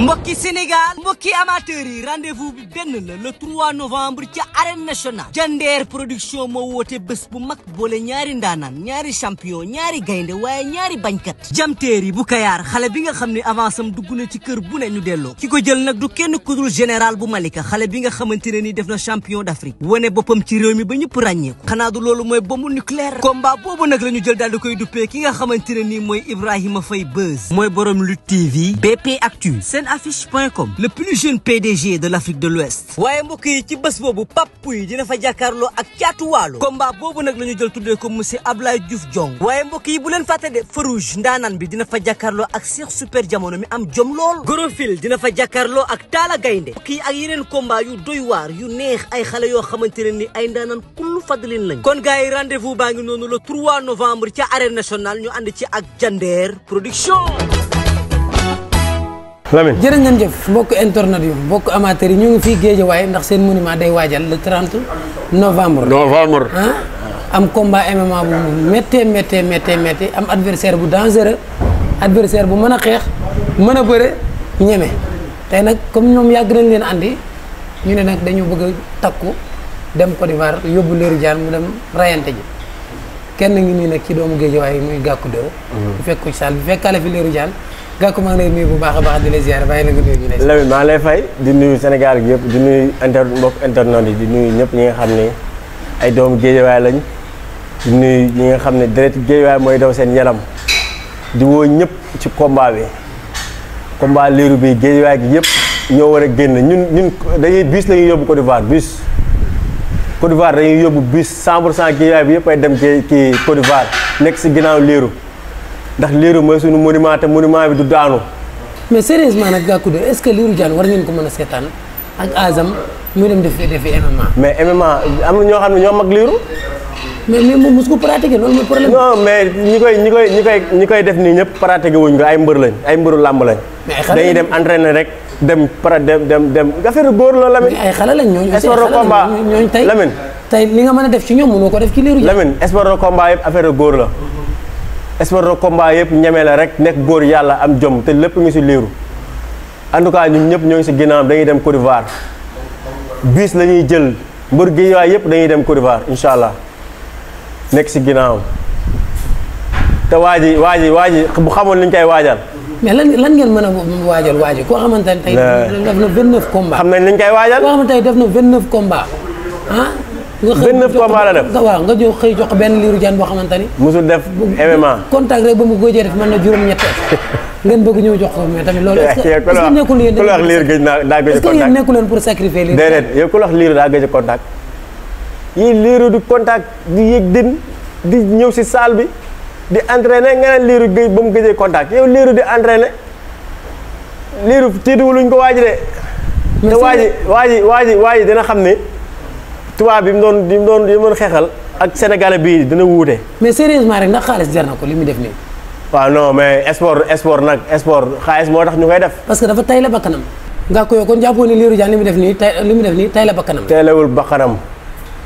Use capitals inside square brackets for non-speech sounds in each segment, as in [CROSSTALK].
mbokki Sénégal mbokki amateurs yi rendez-vous bi benn la le 3 novembre ca arène nationale Jandeer production moo woote bés bu mag boole ñaari ndaanaan ñaari champion ñaari gaynde waaye ñaari bañkat jamteer yi bu kayaar xale bi nga xam ni avance am dugg na ci kër bu ne nu delloo ki ko jël nag du kenn kudul général bu Malika xale bi nga xamante ne ni def na champion d'Afrique wane boppam ci réew mi ba ñëpp ràññeeku xanaa du loolu mooy bombu nucléaire combat boobu nag ñu jël daal di koy duppee ki nga xamante ne nii mooy Ibrahima Faye Beuz mooy borom Lutte TV BP Actu affiche.com le plus jeune PDG de l'Afrique de l'Ouest waaye mbokk yi ci bés boobu Pape Pouye dina fa jàkkaarloo ak Caatu Waalo combat boobu nag la ñu jël tuddee ko monsieur Ablaye Diouf Diong waaye mbokk yi bu leen fàtte de Farouge ndaanaan bi dina fa jàkkaarloo ak Cheikh Super Jamono mi am jom lool Gorofil dina fa jàkkaarloo ak taala Gaynde mbokk yi ak yeneen combat yu doy waar yu neex ay xale yoo xamante ne ni ay ndaanaan kullu fadlin lañ kon gars yi rendez-vous baa ngi noonu le 3 novembre ca arène nationale ñu ànd ci ak Jandeer production Lamine jërë ngeen jëf mbokk internat yu mbokk amateur yi ñu ngi fii Guédiawaye ndax seen monument day waajal le 30 novembre. novembre ah. am combat MMA bu mu méttee méttee méttee méttee am adversaire bu dangereux adversaire bu mën a xeex mën a bëre ñeme tey nag comme ñoom yàgg nañ leen andi ñu ne nag dañu bëgg a takku dem Côte d'Ivoire yóbbu Lirou Diane mu dem rayante ji kenn ngi nii nekk ci doomu Guédiawaye muy Gackou 2. bu fekk ko ci saal bu fekkaale fi Lirou Diane Gakou maa ngi bu baax a baax di la ziar maa lay fay di nuyu Sénégal gi yëpp di nuyu inter mbokk internet yi di nuyu ñëpp ñi nga xam ne ay doomu géejewaay lañ di nuyu ñi nga xam ne direct géejewaay mooy daw seen yaram di woo ñëpp ci combat bi combat liiru bi géejewaay gi yëpp ñoo war a génn ñun ñun dañuy biis la ñuy yóbbu Côte d'Ivoire bus. Côte d'Ivoire dañuy yóbbu bus 100 pour cent géejewaay bi yëpp ay dem kii Côte d'Ivoire nekk si ginnaaw liiru. ndax liiru mooy suñu monument te monument bi du daanu. mais sérieusement nag Gackou 2 est-ce que Lirou Diane war ngeen ko mën a seetaan ak Azam mu dem def defi MMA. mais MMA am na ñoo xam ne ñoo mag Lirou. mais mais moom mos ko pratiqué loolu mooy problème non mais ñi koy ñi koy ñi koy ñi koy def nii ñëpp pratiqué wuñ ko ay mbër lañ ay mbëru làmb lañ. dañuy dem entraîner rek dem para dem dem dem affaire góor la Lamine. ay xale lañ ñooñu. esport de combat ñooñu tey Lamine. tey li nga mën a def ci ñoom mënoo ko def ci Lirou Diane. Lamine esport de combat yëpp affaire góor la. sport de combat yëpp ñeme la rek nekk góor yàlla am jom te lépp ngi si liiru en tout cas ñun ñëpp ñoo ngi si ginnaawam dañuy dem Côte d'Ivoire bis la jël mbër gi waay yëpp dañuy dem Côte d'Ivoire allah nekk si ginnaawam te waa ji waa ji waa ji bu xamoon lañ koy waajal. mais lañ lan ngeen mën a waajal waajal koo xamante ne tey. def na 29 combats. xam nañ koy waajal. koo def na 29 combats ah. nga xëy benn combat la def waaw nga jox xëy jox benn liiru jaan boo xamante ni. musul def MMA. contact rek ba mu gëjee def mën na juróom-ñett [LAUGHS] ngeen bëgg ñëw jox ko mais tamit loolu. est-ce que [LAUGHS] nekkul yéen ku la wax liir naa daa gëj contact est-ce que yéen nekku leen pour sacrifier liir. déedéet yow ku la wax liir daa gëj contact. yii liiru du contact di yëg din di ñëw si salle bi di entraîner nga ne liiru ba mu gëjee contact yow liiru di entraîner liiru tiituwuluñ ko waaj de. te waaj waaj waaj waaj dina xam ni tubaab bi mu doon bi mu doon bi mu xeexal ak sénégalais bii dana wuute. mais sérieusement rek ndax xaalis jar na ko li mu def nii. waaw non mais sport sport nag sport xaalis moo tax ñu koy def. parce que dafa tay la bakkanam. nga ko yow kon jàppoo ni Lirou def nii tay li mu def nii tay la bakkanam. teelewul bakkanam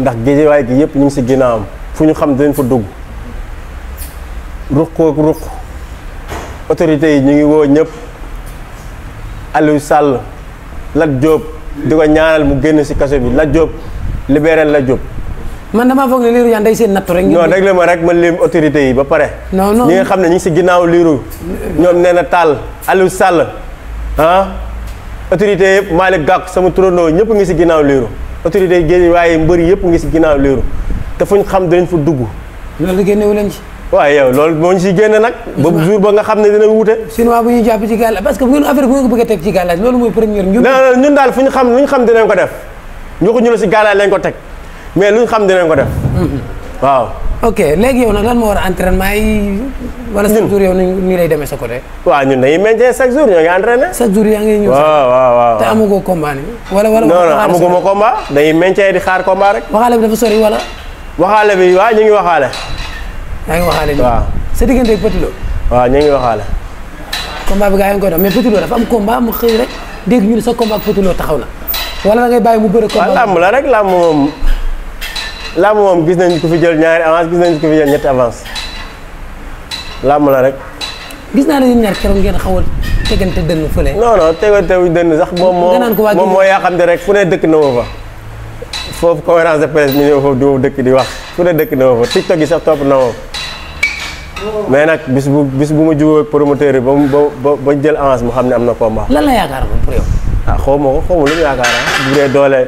ndax géejewaay gi yëpp ñu ngi si ginnaawam fu ñu xam dinañ fa dugg ruq koog ruq autorités yi ñu ngi woo ñëpp Aliou sàll Lat Diop di ko ñaanal mu génn si kaso bi Lat Diop. libéré la Diop. man damaa foog ne liiru yaan day seen rek. non réglé ma rek ma lim autorité yi ba pare. non non ñi nga xam ne ñu ngi si ginnaaw liiru. ñoom nee na Tall Aliou Sall ah autorité yëpp Malick Gakou sama turandoo ñëpp ngi si ginnaaw liiru autorité yi waaye mbëri yëpp ngi si ginnaaw liiru te fuñ xam dinañ fa dugg. loolu génnewu mooy première. ñun daal fu ñu xam lu ñu xam dinañ ko def. waxuñu la si gaalaay lañ ko teg mais luñ xam dinañ ko def. Mm-hmm. waaw. ok léegi yow nag lan moo war a entraînement yi. wala chaque jour yow nii lay demee sa côté. waa ñun dañuy maintenir sa jour ñoo ngi entraîné. chaque jour yaa ngi ñëw sax waaw waaw waaw. te amagoo combat ni wala wala. non non amaguma combat dañuy maintenir di xaar combat rek. waxaale bi dafa sori wala. waxaale bi waaw ñu ngi waxaale. yaa ngi waxaale nii waaw. sa diggante ak Petit Lo. waaw ñu ngi waxaale. combat bi gaa yi ko koy dox mais dafa am combat mu xëy rek dégg ñu ne sa combat ak Petit Lo taxaw na. wala da ngay bàyyi bëri ko waaw làmb la rek làmb moom làmb moom gis nañ ko fi jël ñaari avance gis nañ ko fi jël ñetti avance làmb la rek. gis naa ne ñun ñaar keroog ngeen xaw a tegante dënn fële. non non tegante wu dënn sax moom moo moom moo yaa xam ne rek fu ne dëkk na ma fa. foofu conférence de presse mi ñëw foofu di ma dëkk di wax fu ne dëkk na ma fa tiktok yi sax topp na ma mais nag bis bu bis bu ma jubóo ak promoteur ba ba ba jël avance mu xam ne am na combat. lan la yaakaar moom ah xaw ma ko xaw ma lu mu yaakaar ah. bu dee doole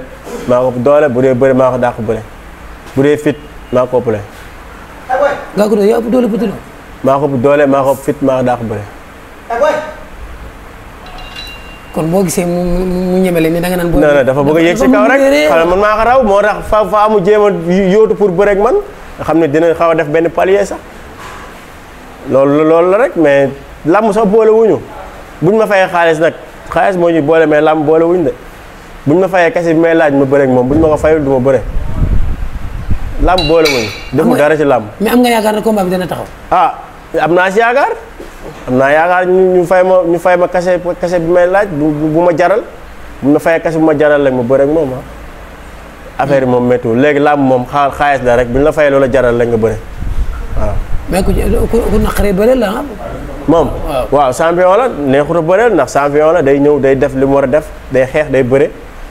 maa ko doole bu dee bëri maa ko dàq bëri bu dee fit maa ko ëppale. ngaa ko doon doole maa ko doole maa ko fit maa ko dàq kon boo gisee mu mu mu ñemele ni da nga naan. boo non non dafa bëgg a yéeg si kaw rek xale man maa ko raw moo tax fa fa mu jéem a yóotu pour bëreeg man xam ne dina xaw a def benn palier sax loolu loolu la rek mais lamb sax boole wuñu buñ ma fay xaalis nag. xaalis moo ñuy boole mais làmb boole wuñ de buñ ma fayee kese bi may laaj ma bëre ak moom bu ma ko fayul du ma boole wuñ defu dara ci làmb am nga yaakaar ne combat bi taxaw ah naa si am naa yaakaar ñu ma ñu fay ma kese kese bi may laaj bu ma jaral buñ ma fayee kese bu ma jaral rek ma bëre ak moom ah moom méttiwul léegi làmb moom xaar xaalis la rek buñ la fayee loola jaral lañ nga bëre waaw moom waaw champion la neexut a bëreel ndax champion la day ñëw day def li mu war a def day xeex day bëre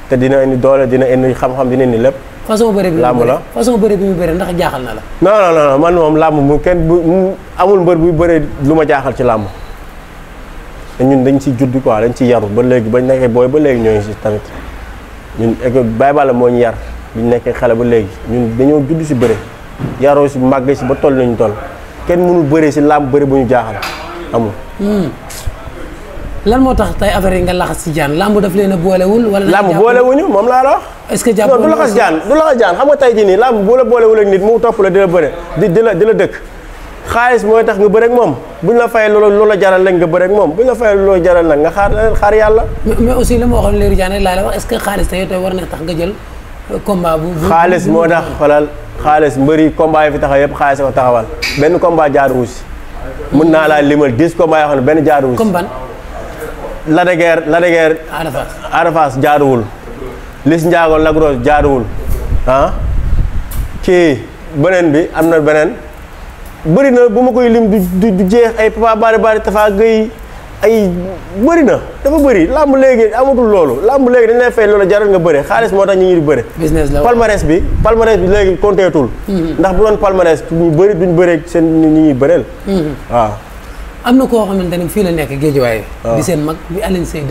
te dina indi doole dina indi xam-xam dina indi lépp façon bëre bi làmb la façon bëre bi mu bëre ndax jaaxal na la non non man moom làmb mu kenn bu amul mbër buy bëre lu ma jaaxal ci làmb te ñun dañ ci judd quoi dañ ci yaru ba léegi bañ nekkee booy ba léegi ñooñu si tamit ñun école Baye Balla moo ñu yar biñ nekkee xale ba léegi ñun dañoo judd si bëre yaroo si màggee si ba toll nañu toll kenn mënul bëre si làmb bëre bu ñu jaaxal amul. Hmm. lan moo tax tey affaire yi nga laxas ci jaan lamb daf leen a boolewul. wala lamb boolewuñu moom laa la wax. est-ce que jàppoon non du laxas jaan du laxas jaan xam nga tey jii nii lamb bu la boolewul ak nit mu topp la di la bëre di di la dëkk. xaalis mooy tax nga bëre ak moom buñ la fayee loolu loola jaral nag nga bëre ak moom buñ la fayee loolu jaral nag nga xaar xaar yàlla. mais aussi li ma waxoon léegi jaan rek laa la wax est-ce que xaalis tey war na tax nga jël euh, combat bu. xaalis moo tax xolal xaalis mbëri combat yi fi taxaw yëpp xaalis ko taxawal benn combat jaaruwu si mën naa laa limal dix combats yoo xam benn jaaruwul. comme ban. Lac de Guiers Lac de Guiers. Ada Fass Ada kii ah? beneen bi am na beneen bëri na bu ma koy lim du jeex ay Papa Bari Bari Tafa Gueye. ay bëri na dafa bëri làmb léegi amatul loolu làmb léegi dañ lay fay loolu jaral nga bëri xaalis moo tax ñu ngi di bëri. business la bi palmarès bi léegi compteetul. Mm-hmm. ndax bu doon palmarès ñu bëri duñ bëree seen ñu ñuy bëreel. Mm-hmm. waaw. am na koo xamante ne fii la nekk géejuwaay waaye di seen mag bi Alioune Seye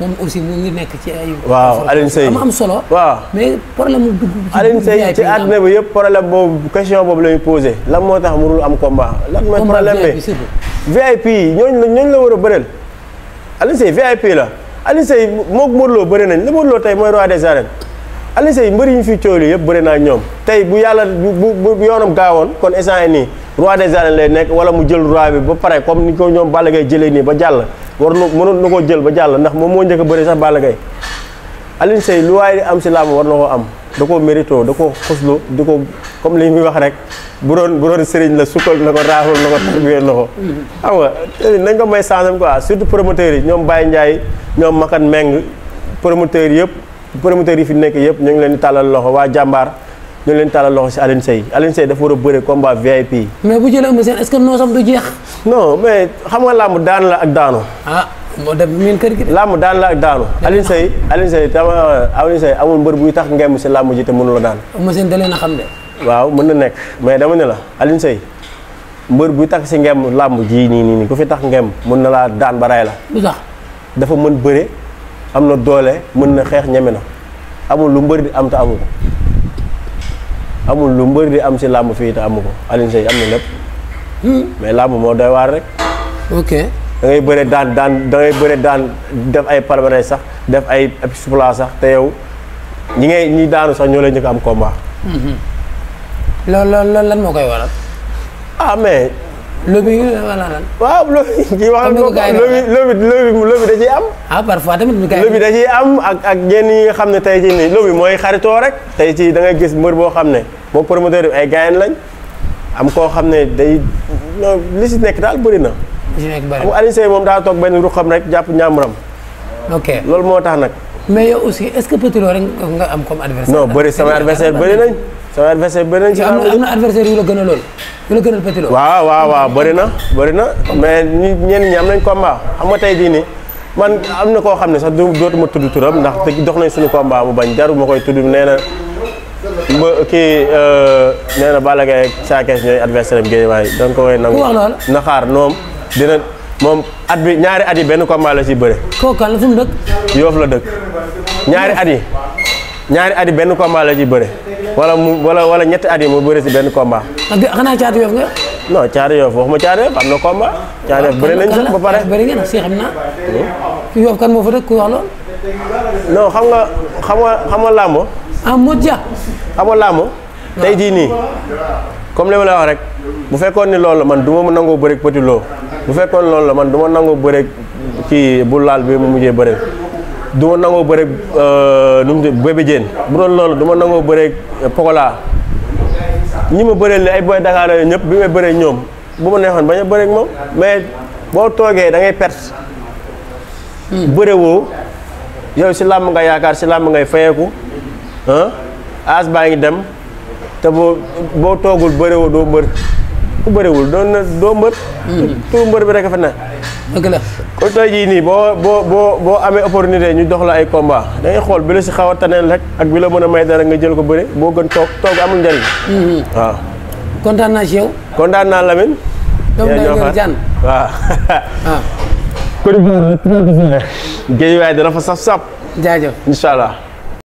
moom aussi mu ngi nekk ci ay. waaw Alioune Seye am am solo. waaw mais problème mu dugg. Alioune Seye ci àdduna bi yëpp problème boobu question boobu la ñu posé lan moo tax mënul am combat. lan mooy problème bi VIP ñooñu la ñooñu la war a bëreel. Alioune Seye VIP la Alioune Seye moog Modou Lo bëri nañ la Modou mooy roi des arènes Alioune Seye mbëri ñu fi coow yëpp bëri naa ñoom tey bu yàlla bu bu yoonam gaawoon kon instant yii nii roi des arènes lay nekk wala mu jël roi bi ba pare comme ni ko ñoom Balla Gaye jëlee nii ba jàll. war na mënoon na koo jël ba jàll ndax moom moo njëkk a bëri sax Balla Gaye Alioune Seye lu waaye di am si làmb war na koo am da koo mérito da koo xoslu di ko comme li muy wax rek bu doon bu doon sëriñ la sukkal na ko raafal na ko tarbiye na ko xam nga nañ ko may sansam quoi surtout promoteurs yi ñoom bàyyi Ndiaye ñoom Makan Meng promoteurs yëpp promoteurs yi fi nekk yëpp ñu ngi leen di tàllal loxo waa jàmbaar ñu leen tàllal loxo si Alioune Seye Alioune Seye dafa war a bëre combat VIP. mais bu jëlee Eumeu Sène est-ce que noosam du jeex. non mais xam nga làmb daan la ak daanu. ah moo dem miin kër gi de. làmb daan la ak daanu. Alioune Seye Alioune Seye tam amul mbër buy tax ngem si làmb ji te mënu la daan. Eumeu Sène a xam de. waaw mën na nekk mais dama ne la Alioune Seye mbër buy tax si ngem làmb ji nii nii nii ku fi tax ngem mën na laa daan ba ray la. lu dafa mën bëre am na doole mën na xeex ñeme na amul lu mbër di am te amu amul lu mbër di am si làmb fii te amu ko Alioune am na lépp. Hmm. mais làmb moo doy waar rek. ok da ngay bëre daan daan da bëre daan def ay palmarès sax def ay exploit sax te yow ñi ngay ñi daanu sax ñoo lay njëkk am combat. loolu hmm. hmm. loolu lan moo koy waral. ah mais. lobby yi wala lan. waaw lobby kii wax na ko lobby lobby da ciy am. ah parfois tamit ñu lobby da am ak ak yi ñi nga xam ne tey ci nii lobby mooy xaritoo rek tey ci da ngay gis mbër boo xam ne moom promoteur bi ay gaayen lañ am koo xam ne day li si nekk daal bëri na. li si nekk bëri na Alioune Seye moom daa toog benn ruqam rek jàpp ñàmburam. ok loolu moo tax nag. mais yow aussi est-ce que Petit Lo rek nga am comme adversaire. non bëri sama nañ. sama adversaire bëri na ci. am na adversaire yu la gën a lool yu la gën a Petit Lo. waaw waaw waaw bëri na bëri na mais ñi ñenn ñi am nañ combat xam nga tey jii nii man am na koo xam ne sax dootuma tudd turam ndax dox nañ suñu combat mu bañ jaru koy tudd nee na kii euh, nee na Balla Gaye ak Sa Thiès ñooy adversaire am Guédiawaye da nga ko koy nangu. na xaar noom dina moom at bi ñaari at yi benn combat la ci bëre. kooku kan la fu mu dëkk. Yoof la dëkk ñaari at yi benn combat la ci bëre. wala mu wala wala ñetti at yi mu bëri si benn combat. Ah, xanaa caatu yoof nga. non caatu yoof waxuma caatu yoof am na combat. caatu yoof bëri nañ sax ba pare bëri ngeen xam naa. Hmm? yoof kan moo fa dëkk ku wax loolu. non xam nga xam nga xam nga làmb. Ah, tey jii nii comme li ma la wax rek bu fekkoon ni loolu man du ma nangoo bëri Petit Lo bu fekkoon loolu la man du ma nangoo bëri ci bu laal bi mu mujjee bëri. du ma nangoo bëreeg euh, nu mu Bébé bu doon loolu du ma nangoo bëreeg euh, Pokola ñi ma bëree ni ay boy Dakar yooyu ñëpp bi may bëree ñoom bu ma neexoon bañ a bëreeg moom mais boo toogee da ngay perte. Hmm. bëre woo yow si làmb nga yaakaar si làmb ngay fayeeku ah as baa ngi dem te boo boo toogul bëre doo mbër. ku bëriwul doon na doo mbër. Hmm. turu mbër bi rek fa ne. dëgg jii nii boo boo boo boo amee opportunité ñu dox la ay combat da xool bi la si xaw a taneen rek ak bi la mën a may dara nga jël ko bëri boo gën toog toog amul njëriñ. Hmm. waaw. kontaan naa si yow. kontaan naa Lamine. doom [LAUGHS] ah. Géej waay dana fa saf sap. jaajëf incha